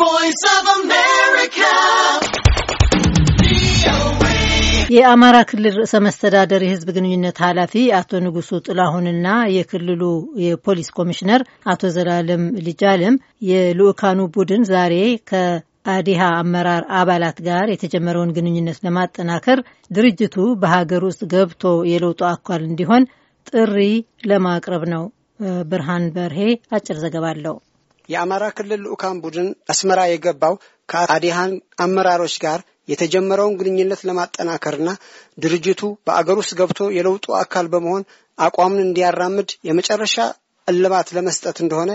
voice የአማራ ክልል ርዕሰ መስተዳደር የህዝብ ግንኙነት ኃላፊ አቶ ንጉሱ ጥላሁንና የክልሉ የፖሊስ ኮሚሽነር አቶ ዘላለም ልጃለም የልኡካኑ ቡድን ዛሬ ከአዲሃ አመራር አባላት ጋር የተጀመረውን ግንኙነት ለማጠናከር ድርጅቱ በሀገር ውስጥ ገብቶ የለውጡ አካል እንዲሆን ጥሪ ለማቅረብ ነው። ብርሃን በርሄ አጭር ዘገባ አለው። የአማራ ክልል ልዑካን ቡድን አስመራ የገባው ከአዲሃን አመራሮች ጋር የተጀመረውን ግንኙነት ለማጠናከርና ድርጅቱ በአገር ውስጥ ገብቶ የለውጡ አካል በመሆን አቋምን እንዲያራምድ የመጨረሻ እልባት ለመስጠት እንደሆነ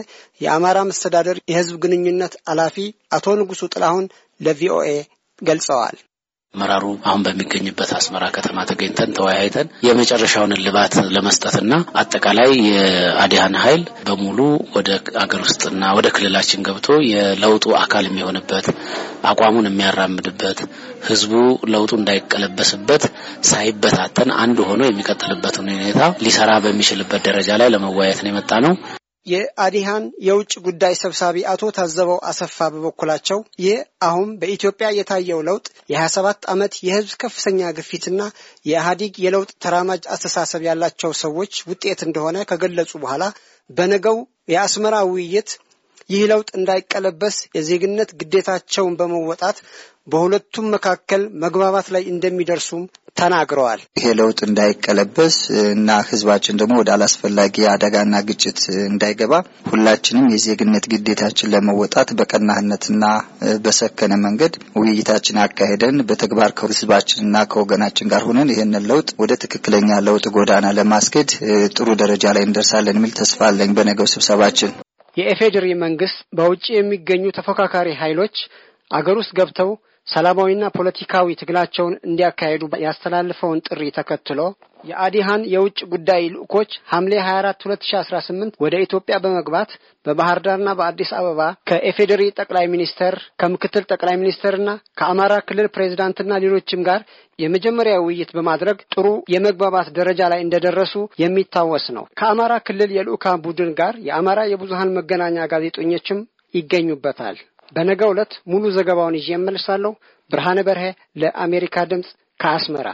የአማራ መስተዳደር የሕዝብ ግንኙነት ኃላፊ አቶ ንጉሱ ጥላሁን ለቪኦኤ ገልጸዋል። አመራሩ አሁን በሚገኝበት አስመራ ከተማ ተገኝተን ተወያይተን የመጨረሻውን እልባት ለመስጠትና አጠቃላይ የአዲያን ኃይል በሙሉ ወደ አገር ውስጥና ወደ ክልላችን ገብቶ የለውጡ አካል የሚሆንበት አቋሙን የሚያራምድበት ህዝቡ ለውጡ እንዳይቀለበስበት ሳይበታተን አንድ ሆኖ የሚቀጥልበትን ሁኔታ ሊሰራ በሚችልበት ደረጃ ላይ ለመወያየት ነው የመጣ ነው። የአዲሃን የውጭ ጉዳይ ሰብሳቢ አቶ ታዘበው አሰፋ በበኩላቸው ይህ አሁን በኢትዮጵያ የታየው ለውጥ የ27 ዓመት የህዝብ ከፍተኛ ግፊትና የኢህአዴግ የለውጥ ተራማጅ አስተሳሰብ ያላቸው ሰዎች ውጤት እንደሆነ ከገለጹ በኋላ በነገው የአስመራ ውይይት ይህ ለውጥ እንዳይቀለበስ የዜግነት ግዴታቸውን በመወጣት በሁለቱም መካከል መግባባት ላይ እንደሚደርሱም ተናግረዋል። ይሄ ለውጥ እንዳይቀለበስ እና ህዝባችን ደግሞ ወደ አላስፈላጊ አደጋና ግጭት እንዳይገባ ሁላችንም የዜግነት ግዴታችን ለመወጣት በቀናህነትና በሰከነ መንገድ ውይይታችን አካሄደን በተግባር ከህዝባችንና ከወገናችን ጋር ሆነን ይህንን ለውጥ ወደ ትክክለኛ ለውጥ ጎዳና ለማስኬድ ጥሩ ደረጃ ላይ እንደርሳለን የሚል ተስፋ አለኝ። በነገው ስብሰባችን የኢፌዴሪ መንግስት በውጭ የሚገኙ ተፎካካሪ ኃይሎች አገር ውስጥ ገብተው ሰላማዊና ፖለቲካዊ ትግላቸውን እንዲያካሄዱ ያስተላልፈውን ጥሪ ተከትሎ የአዲሃን የውጭ ጉዳይ ልዑኮች ሐምሌ 24 2018 ወደ ኢትዮጵያ በመግባት በባህር ዳርና በአዲስ አበባ ከኤፌዴሪ ጠቅላይ ሚኒስተር ከምክትል ጠቅላይ ሚኒስተርና ከአማራ ክልል ፕሬዚዳንትና ሌሎችም ጋር የመጀመሪያ ውይይት በማድረግ ጥሩ የመግባባት ደረጃ ላይ እንደደረሱ የሚታወስ ነው። ከአማራ ክልል የልዑካን ቡድን ጋር የአማራ የብዙሃን መገናኛ ጋዜጠኞችም ይገኙበታል። በነገ ዕለት ሙሉ ዘገባውን ይዤ እመልሳለሁ። ብርሃነ በርሄ ለአሜሪካ ድምፅ ከአስመራ